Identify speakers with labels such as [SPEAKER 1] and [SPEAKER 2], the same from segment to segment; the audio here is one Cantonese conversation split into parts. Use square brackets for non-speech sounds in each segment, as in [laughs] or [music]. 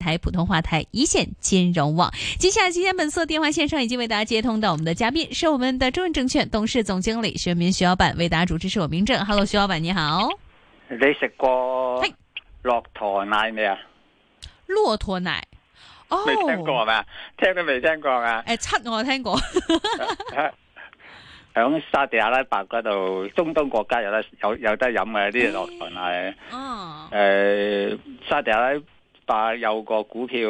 [SPEAKER 1] 台普通話台一線金融網，接下來今天本色電話線上已經為大家接通到我們的嘉賓，是我們的中原證券董事總經理徐潤民徐老闆，為大家主持是我明正。Hello，徐老板你好。
[SPEAKER 2] 你食過駱駝奶咩啊？
[SPEAKER 1] 駱駝奶
[SPEAKER 2] 哦，未聽過係咪啊？聽都未聽過啊？
[SPEAKER 1] 誒七、哎、我聽過。
[SPEAKER 2] 喺 [laughs] 沙地阿拉伯嗰度，中東國家有得有有得飲嘅啲駱駝奶。哦、哎，誒、啊呃，沙地阿。話有個股票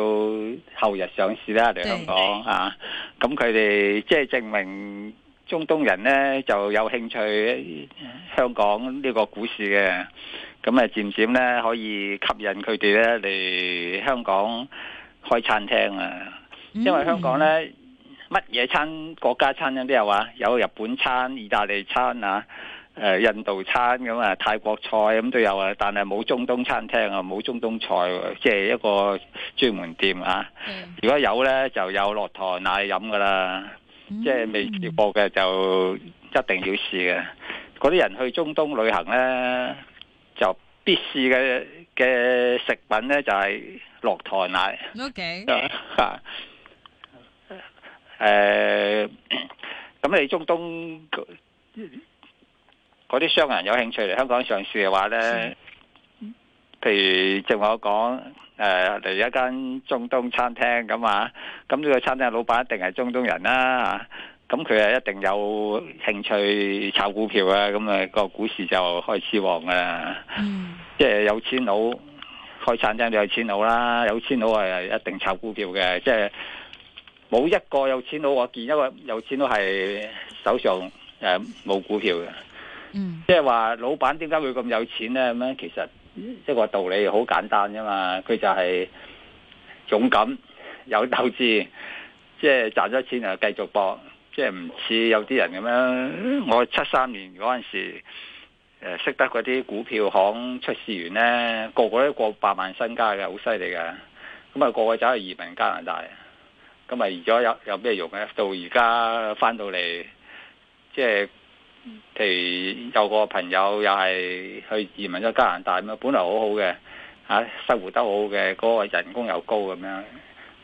[SPEAKER 2] 後日上市啦，嚟香港 [noise] 啊！咁佢哋即係證明中東人呢就有興趣香港呢個股市嘅，咁啊漸漸呢可以吸引佢哋呢嚟香港開餐廳啊！因為香港呢乜嘢餐，國家餐廳都有啊，有日本餐、意大利餐啊。誒，印度餐咁啊，泰國菜咁都有啊，但係冇中東餐廳啊，冇中東菜，即係一個專門店啊。如果有呢，就有駱駝奶飲㗎喇，即係未食過嘅就一定要試嘅。嗰啲人去中東旅行呢，就必試嘅嘅食品呢就係駱駝奶。OK，吓，誒，咁你中東？嗰啲商人有興趣嚟香港上市嘅話咧，譬如正如我講，誒嚟一間中東餐廳咁啊，咁呢個餐廳嘅老闆一定係中東人啦嚇，咁佢係一定有興趣炒股票啊，咁啊個股市就開始旺啊，即係有錢佬開餐廳就係錢佬啦，有錢佬係一定炒股票嘅，即係冇一個有錢佬我見一個有錢佬係手上誒冇股票嘅。嗯，即係話老闆點解會咁有錢呢？咁樣其實一個道理好簡單啫嘛，佢就係勇敢有鬥志，即係賺咗錢就繼續搏，即係唔似有啲人咁樣。我七三年嗰陣時，誒、呃、識得嗰啲股票行出市員呢，個個都過百萬身家嘅，好犀利嘅。咁啊，個個走去移民加拿大，咁啊移咗有有咩用呢？到而家翻到嚟，即係。譬如有個朋友又係去移民咗加拿大咁啊，本來好好嘅，啊生活得好嘅，嗰個人工又高咁樣。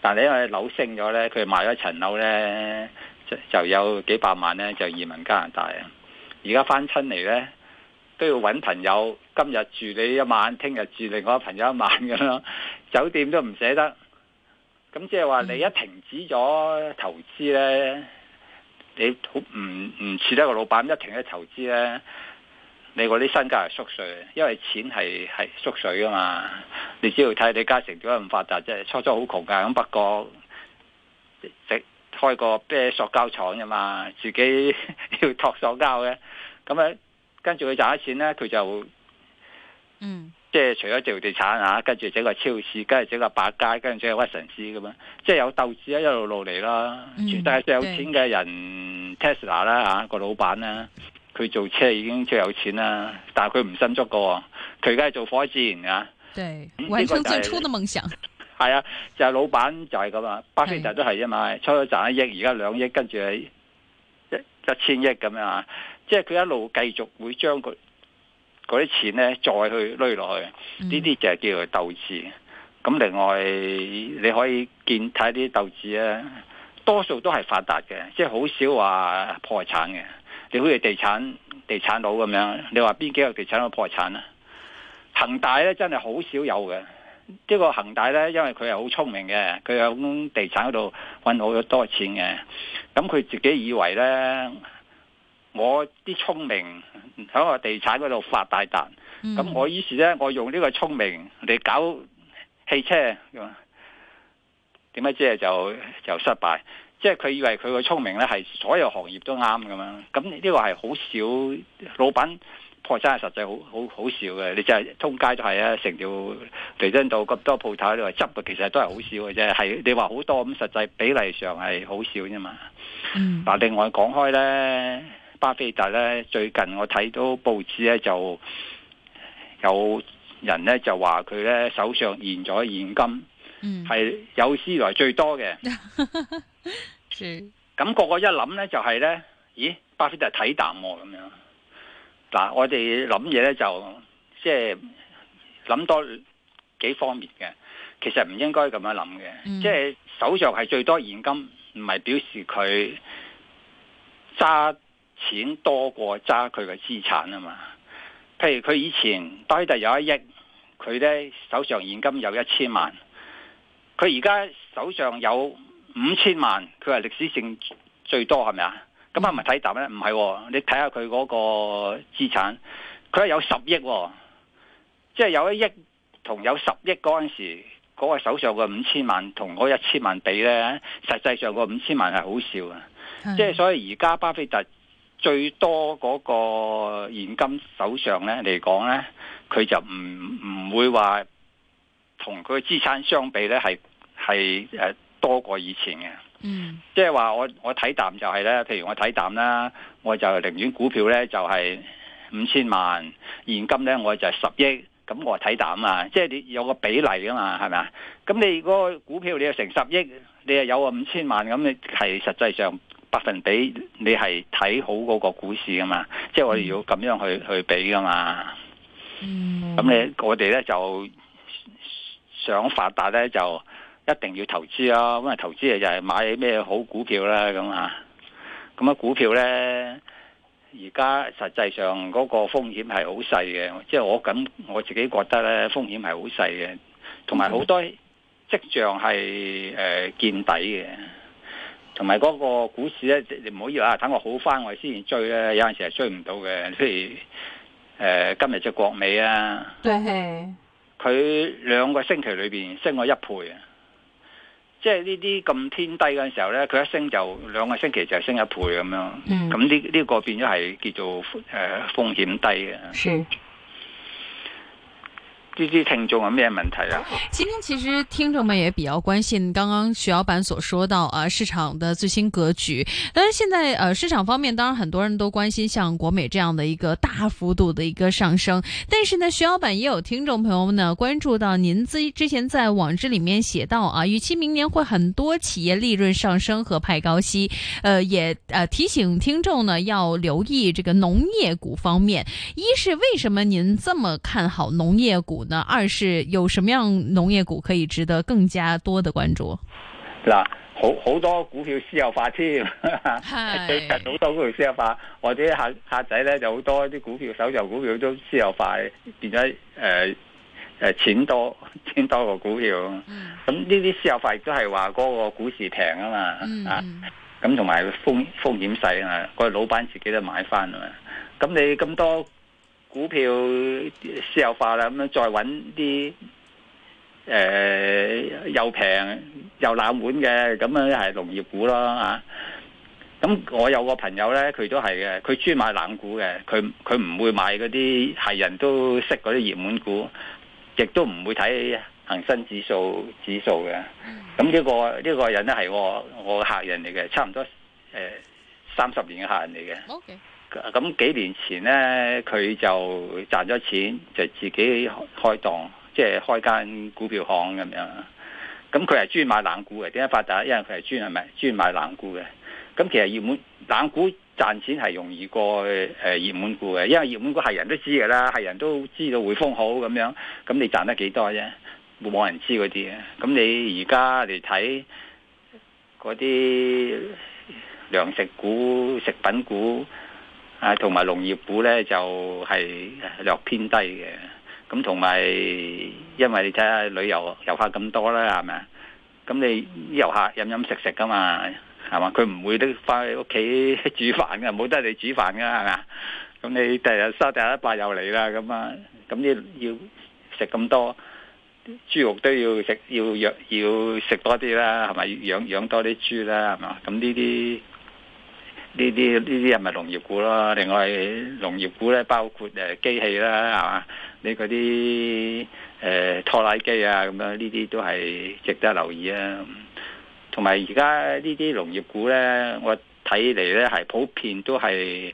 [SPEAKER 2] 但係因為樓升咗呢，佢賣咗層樓呢就，就有幾百萬呢就移民加拿大啊。而家翻親嚟呢，都要搵朋友，今日住你一晚，聽日住另外一朋友一晚咁咯。酒店都唔捨得。咁即係話你一停止咗投資呢。你好唔唔似得個老闆一停咧投資咧，你嗰啲身價係縮水，因為錢係係縮水噶嘛。你只要睇李嘉誠點解咁發達？即係初初好窮噶，咁不過，食開個啤塑膠廠啫嘛，自己 [laughs] 要托塑膠嘅，咁啊跟住佢賺咗錢咧，佢就嗯。即係除咗做地產啊，跟住整個超市，跟住整個百佳，跟住整個屈臣氏咁樣，即係有鬥志啊，一路路嚟啦。但係最有錢嘅人，Tesla 啦吓，個、嗯啊、老闆啦，佢做車已經最有錢啦，但係佢唔新足個，佢而家做火箭啊。
[SPEAKER 1] 對，嗯、完成最初嘅夢想。
[SPEAKER 2] 係、就是、 [laughs] 啊，就係、是、老闆就係咁啊，巴菲特都係啊嘛，對初咗賺一億，而家兩億，跟住一一千億咁樣啊，即係佢一路繼續會將佢。嗰啲錢咧，再去累落去，呢啲、嗯、就係叫做鬥志。咁另外你可以見睇啲鬥志啊，多數都係發達嘅，即係好少話破產嘅。你好似地產地產佬咁樣，你話邊幾個地產佬破產啊？恒大咧真係好少有嘅。即呢個恒大咧，因為佢係好聰明嘅，佢有喺地產嗰度揾好多錢嘅。咁佢自己以為咧。我啲聰明喺個地產嗰度發大達，咁我於是咧，我用呢個聰明嚟搞汽車，點解即係就就失敗？即係佢以為佢個聰明咧係所有行業都啱咁樣，咁呢個係好少老闆破產，係實際好好好少嘅。你真係通街都係啊，成條地真道咁多鋪頭，你話執嘅其實都係好少嘅啫。係、即係、你話好多咁，實際比例上係好少啫嘛。嗱、嗯，另外講開咧。巴菲特咧最近我睇到報紙咧就有人咧就話佢咧手上現咗現金，係有史以來最多嘅。咁 [laughs] 個個一諗咧就係、是咧，咦？巴菲特睇淡喎咁樣。嗱，我哋諗嘢咧就即係諗多幾方面嘅，其實唔應該咁樣諗嘅。即係 [laughs] 手上係最多現金，唔係表示佢揸。錢多過揸佢嘅資產啊嘛，譬如佢以前巴菲特有一億，佢咧手上現金有一千萬，佢而家手上有五千萬，佢係歷史性最多係咪啊？咁係咪睇淡咧？唔係喎，你睇下佢嗰個資產，佢係有十億喎，即係有一億同有十億嗰陣時，嗰個手上嘅五千萬同嗰一千萬比咧，實際上個五千萬係好少啊，的即係所以而家巴菲特。最多嗰個現金手上咧嚟講咧，佢就唔唔會話同佢嘅資產相比咧，係係誒多過以前嘅。嗯、就是，即係話我我睇淡就係咧，譬如我睇淡啦，我就寧願股票咧就係五千萬現金咧，我就係十億。咁我睇淡啊，即係你有個比例吖嘛，係咪啊？咁你個股票你又成十億，你又有個五千萬，咁你係實際上。百分比你係睇好嗰個股市噶嘛？即係我哋要咁樣去去俾噶嘛？咁、嗯、你我哋咧就想發達咧就一定要投資囉。咁啊，因為投資就係買咩好股票啦咁啊。咁啊，股票咧而家實際上嗰個風險係好細嘅。即係我咁我自己覺得咧，風險係好細嘅，同埋好多跡象係誒、呃、見底嘅。同埋嗰個股市咧，你唔好要以為啊！等我好翻我先追咧，有陣時係追唔到嘅。譬如誒、呃，今日隻國美啊，佢兩個星期裏邊升咗一倍啊！即係呢啲咁偏低嘅時候咧，佢一升就兩個星期就升一倍咁樣。嗯，咁呢呢個變咗係叫做誒、呃、風險低嘅。是。啲啲聽眾有咩問題啊？
[SPEAKER 1] 今天其實聽眾們也比較關心，剛剛徐老闆所說到啊，市場的最新格局。當然，現在呃市場方面，當然很多人都關心，像國美這樣的，一個大幅度的，一個上升。但是呢，徐老板也有聽眾朋友們呢，關注到您之之前在網志裡面寫到啊，預期明年會很多企業利潤上升和派高息。呃，也呃提醒聽眾呢，要留意這個農業股方面。一是為什麼您這麼看好農業股？那二是有什麼樣農業股可以值得更加多的關注？
[SPEAKER 2] 嗱，好好多股票私有化添，最近好多股票私有化，或 [laughs] 者客客仔咧就好多啲股票，手上股票都私有化，變咗誒誒錢多錢多個股票。咁呢啲私有化亦都係話嗰個股市平啊嘛，嗯、啊咁同埋風風險細啊嘛，個老闆自己都買翻啊嘛，咁你咁多。股票私有化啦，咁樣再搵啲誒又平又冷門嘅，咁樣係農業股咯啊！咁我有個朋友咧，佢都係嘅，佢專買冷股嘅，佢佢唔會買嗰啲係人都識嗰啲熱門股，亦都唔會睇恒生指數指數嘅。咁呢個呢個人咧係我我嘅客人嚟嘅，差唔多誒三十年嘅客人嚟嘅。Okay. 咁幾年前呢，佢就賺咗錢，就自己開檔，即係開間股票行咁樣。咁佢係專買冷股嘅，點解發達？因為佢係專係咪專買冷股嘅？咁其實熱門冷股賺錢係容易過誒熱門股嘅，因為熱門股係人都知嘅啦，係人都知道匯豐好咁樣，咁你賺得幾多啫？冇人知嗰啲。咁你而家嚟睇嗰啲糧食股、食品股。啊，同埋農業股咧就係略偏低嘅，咁同埋因為你睇下旅遊遊客咁多啦，係咪？咁你啲遊客飲飲食食噶嘛，係嘛？佢唔會都翻去屋企煮飯㗎，冇得你煮飯㗎係咪？咁你第日收第一百又嚟啦，咁啊，咁要要食咁多豬肉都要食，要養要食多啲啦，係咪？養養多啲豬啦，係嘛？咁呢啲。呢啲呢啲係咪農業股啦？另外農業股咧，包括誒機器啦，係嘛？你嗰啲誒拖拉機啊，咁樣呢啲都係值得留意啊。同埋而家呢啲農業股咧，我睇嚟咧係普遍都係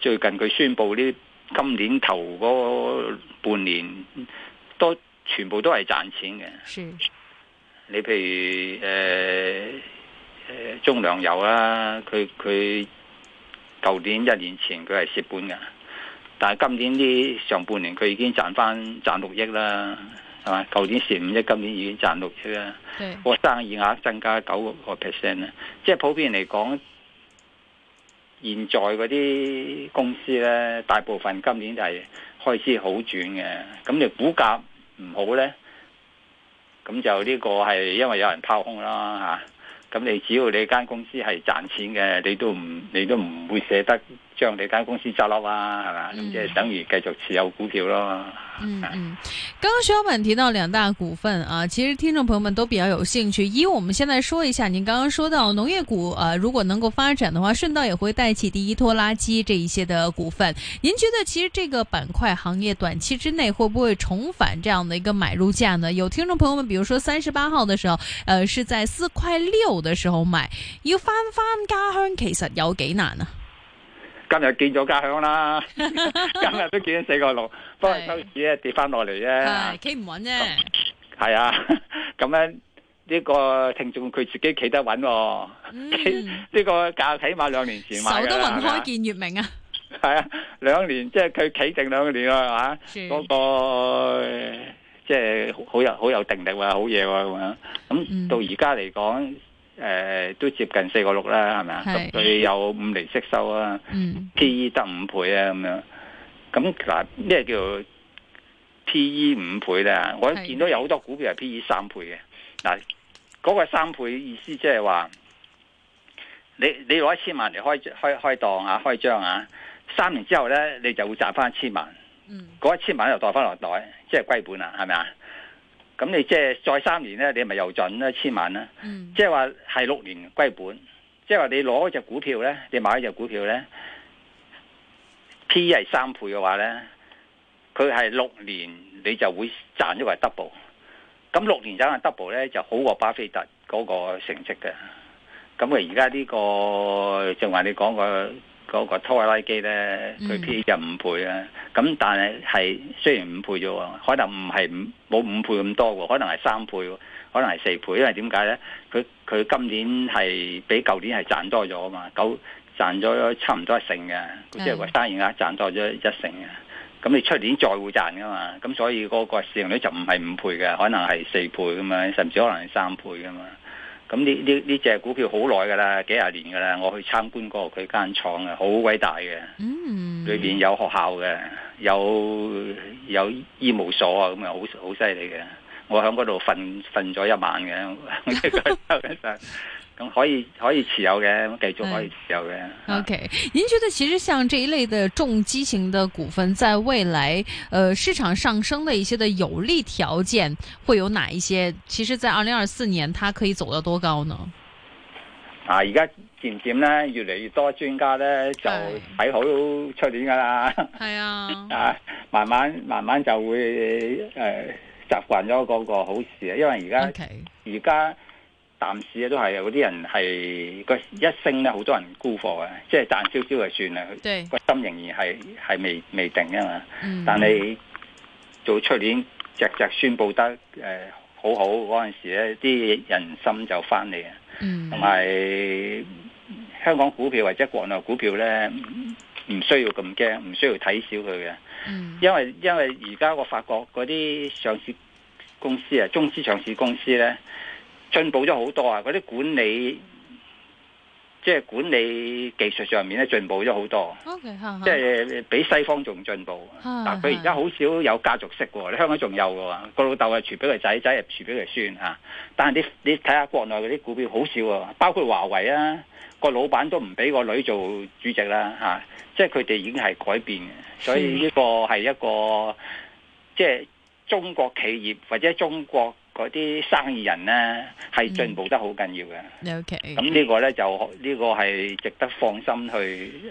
[SPEAKER 2] 最近佢宣布嘅今年頭嗰半年都全部都係賺錢嘅。是你譬如誒。呃中糧油啦，佢佢舊年一年前佢係蝕本嘅，但係今年啲上半年佢已經賺翻賺六億啦，係嘛？舊年蝕五億，今年已經賺六億啦，個是生意額增加九個 percent 啊！即係普遍嚟講，現在嗰啲公司呢，大部分今年就係開始好轉嘅。咁你股價唔好呢？咁就呢個係因為有人拋空啦吓。啊咁你只要你間公司係賺錢嘅，你都唔你都唔會捨得，將你間公司執笠啊，係嘛？咁即係等於繼續持有股票咯。嗯嗯，
[SPEAKER 1] 剛剛徐老闆提到兩大股份啊，其實聽眾朋友們都比較有興趣。以我們現在說一下，您剛剛說到農業股，呃，如果能夠發展的話，順道也會帶起第一拖拉機這一些的股份。您覺得其實這個板塊行業短期之內會不會重返這樣的一個買入價呢？有聽眾朋友們，比如說三十八號的時候，呃，是在四塊六的時候買。要翻翻家鄉，其實有幾難啊！
[SPEAKER 2] 今日見咗家鄉啦，今日都見咗四個六，不過收市咧跌翻落嚟啫，企唔穩啫。係啊，咁咧呢個聽眾佢自己企得穩喎，企呢個價起碼兩年前守得雲開見月明啊，係啊，兩年即係佢企定兩年啊。係嘛？嗰個即係好有好有定力啊，好嘢喎咁樣。咁到而家嚟講。誒、呃，都接近四個六啦，係咪啊？咁佢是有五厘息收啊，P E 得五倍啊，咁樣。咁嗱，咩叫 P E 五倍咧？我見到有好多股票係 P E 三倍嘅。嗱，嗰個三倍意思即係話，你你攞一千萬嚟開開開檔啊，開張啊，三年之後咧，你就會賺翻一千萬。嗯，嗰一千萬又袋翻落袋，即係歸本啦，係咪啊？是咁你即係再三年呢，你咪又賺咧千萬咧、啊？即係話係六年歸本，即係話你攞隻股票呢，你買一隻股票呢 P 係三倍嘅話呢，佢係六年你就會賺咗個 double。咁六年賺下 double 呢，就好過巴菲特嗰個成績嘅。咁啊，而家呢個正話你講個。嗰個拖拉機咧，佢 P 就五倍啊。咁但係係雖然五倍啫喎，可能唔係冇五倍咁多喎，可能係三倍，可能係四倍，因為點解咧？佢佢今年係比舊年係賺多咗啊嘛，九賺咗差唔多一成嘅，即係話生意額賺多咗一成嘅，咁你出年再會賺噶嘛？咁所以嗰個市盈率就唔係五倍嘅，可能係四倍咁樣，甚至可能係三倍噶嘛。咁呢呢呢隻股票好耐㗎喇，幾十年㗎喇。我去參觀過佢間廠啊，好偉大嘅，裏邊有學校嘅，有有醫務所啊，咁啊好好犀利嘅。我喺嗰度瞓瞓咗一晚嘅。 [laughs] [laughs] 咁可以可以持有嘅，繼續可以
[SPEAKER 1] 持有嘅。OK，啊，您覺得其實像這一類的重機型的股份，在未來，呃市場上升的一些的有利條件會有哪一些？其實，在二零二四年，它可以走到多高呢？
[SPEAKER 2] 啊，而家漸漸咧，越嚟越多專家咧就睇好出年噶啦。
[SPEAKER 1] 係啊，啊，
[SPEAKER 2] 慢慢慢慢就會誒習慣咗嗰個好事啊，因為而家，OK，而家。暫時啊，都係有啲人係個一升咧，好多人沽貨啊，即係賺少少就算啦。個對心仍然係係未未定啊嘛。嗯、但係做出年隻隻宣佈得誒、呃、好好嗰陣時咧，啲人心就翻嚟啊。同埋、嗯、香港股票或者國內股票咧，唔需要咁驚，唔需要睇小佢嘅、嗯。因為因為而家我發覺嗰啲上市公司啊，中資上市公司咧。進步咗好多啊！嗰啲管理，即係管理技術上面咧，進步咗好多。OK，即係比西方仲進步。是是但佢而家好少有家族式喎是是，你香港仲有嘅喎，個老豆係傳俾佢仔，仔又傳俾佢孫嚇。但係你你睇下國內嗰啲股票好少啊，包括華為啊，個老闆都唔俾個女做主席啦，啊，嚇，即係佢哋已經係改變嘅。所以呢個係一個即係中國企業或者中國。嗰啲生意人呢，係進步得好緊要嘅。OK，咁呢個咧就呢個係值得放心去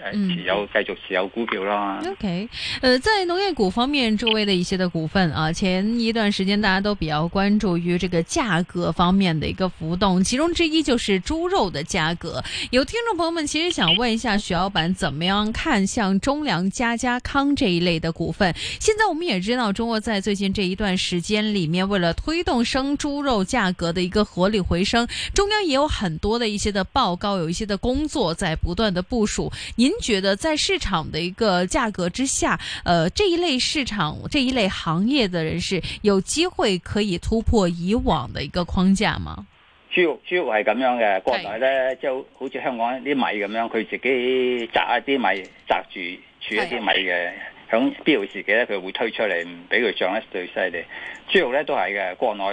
[SPEAKER 2] 誒、呃、持有繼續持有股票咯。OK，
[SPEAKER 1] 呃，在農業股方面，諸位的一些的股份啊。前一段時間大家都比較關注於這個價格方面的一個浮動，其中之一就是豬肉的價格。有聽眾朋友們其實想問一下徐老闆，怎麼樣看像中糧家家康這一類的股份？現在我們也知道中國在最近這一段時間裏面，為了推動。生豬肉價格的一個合理回升，中央也有很多的一些的報告，有一些的工作在不斷的部署。您覺得在市場的一個價格之下，呃，這一類市場這一類行業的人士有機會可以突破以往的一個框架嗎？
[SPEAKER 2] 豬肉豬肉係咁樣嘅，國內呢就好似香港一啲米咁樣，佢自己摘一啲米，摘住儲一啲米嘅。響必要時嘅咧，佢會推出嚟，唔俾佢漲得最犀利。豬肉咧都係嘅，國內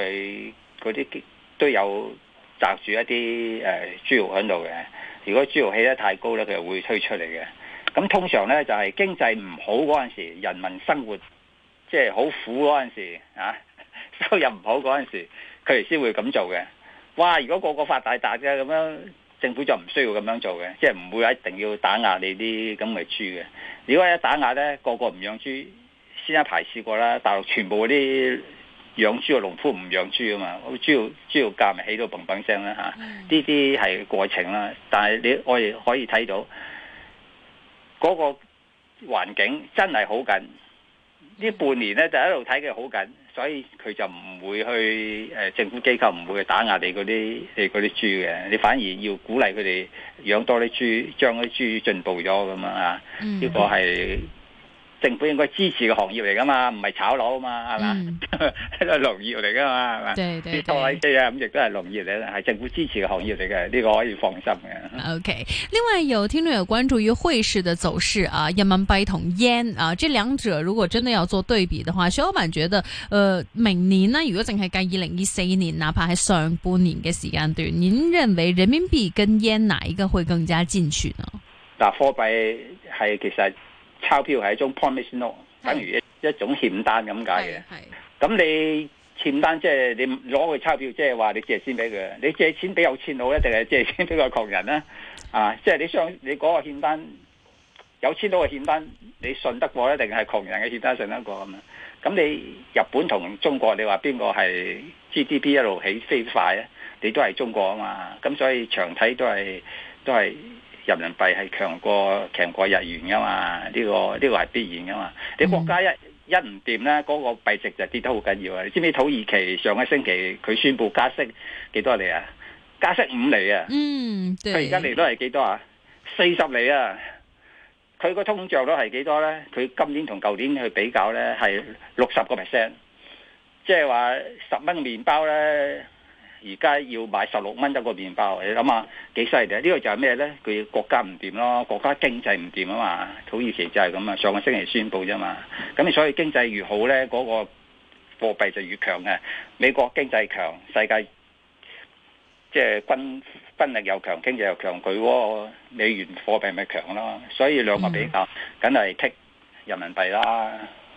[SPEAKER 2] 嗰啲都有揸住一啲誒豬肉喺度嘅。如果豬肉起得太高咧，佢又會推出嚟嘅。咁通常咧就係、是、經濟唔好嗰陣時，人民生活即係好苦嗰陣時啊，收入唔好嗰陣時，佢哋先會咁做嘅。哇！如果個個，個發大達嘅咁樣。政府就唔需要咁樣做嘅，即係唔會一定要打壓你啲咁嘅豬嘅。如果一打壓咧，個個唔養豬，先一排試過啦。大陸全部啲養豬嘅農夫唔養豬啊嘛，咁豬肉豬肉價咪起，起到砰砰聲啦嚇。呢啲係過程啦，但係你我哋可以睇到嗰、嗰個環境真係好緊。呢半年咧就一路睇佢好緊，所以佢就唔會去誒、呃、政府機構唔會去打壓你嗰啲你嗰啲豬嘅，你反而要鼓勵佢哋養多啲豬，將啲豬進步咗咁樣啊！呢、呢個係。政府應該支持嘅行業嚟噶嘛，唔係炒樓啊嘛，係、嗯、 [laughs] 嘛？農業嚟噶嘛，係嘛？對對對，咁亦都係農業嚟，係政府支持嘅行業嚟嘅，呢、這個可以放心
[SPEAKER 1] 嘅。OK，另外有聽眾有關注於匯市嘅走勢啊，人民幣同 yen 啊，這兩者如果真係要做對比嘅話，小伙伴覺得，誒、呃，明年呢，如果淨係計二零二四年，哪怕係上半年嘅時間段，您認為人民幣跟 yen 哪一個會更加進取呢？嗱、
[SPEAKER 2] 啊，貨幣係其實。鈔票係一種 promise note，等於一一種欠單咁解嘅。咁你欠單，即係你攞個鈔票，即係話你借錢俾佢。你借錢俾有錢佬咧，定係借錢俾個窮人咧？啊，即係你相你嗰個欠單，有錢佬嘅欠單，你信得過一定係窮人嘅欠單信得過咁啊？咁你日本同中國，你話邊個係 GDP 一路起飛快咧？你都係中國啊嘛。咁所以長睇都係都係，人民幣係強過強過日元噶嘛？呢個呢個係必然噶嘛？你國家一、嗯、一唔掂咧，嗰個幣值就跌得好緊要啊！你知唔知土耳其上個星期佢宣布加息幾多厘啊？加息五厘啊！
[SPEAKER 1] 佢而家
[SPEAKER 2] 利率係幾多啊？四十厘啊！佢個通脹率係幾多咧？佢今年同舊年去比較咧，係六十個 percent，即係話十蚊麵包咧。而家要買十六蚊一個麵包，你諗下幾犀利。呢個就係咩呢？佢國家唔掂咯，國家經濟唔掂啊嘛。土耳其就係咁啊，上個星期宣布啫嘛。咁所以經濟越好呢，嗰個貨幣就越強嘅。美國經濟強，世界即係軍軍力又強，經濟又強，佢喎美元貨幣咪強咯。所以兩個比較，梗係剔人民幣啦。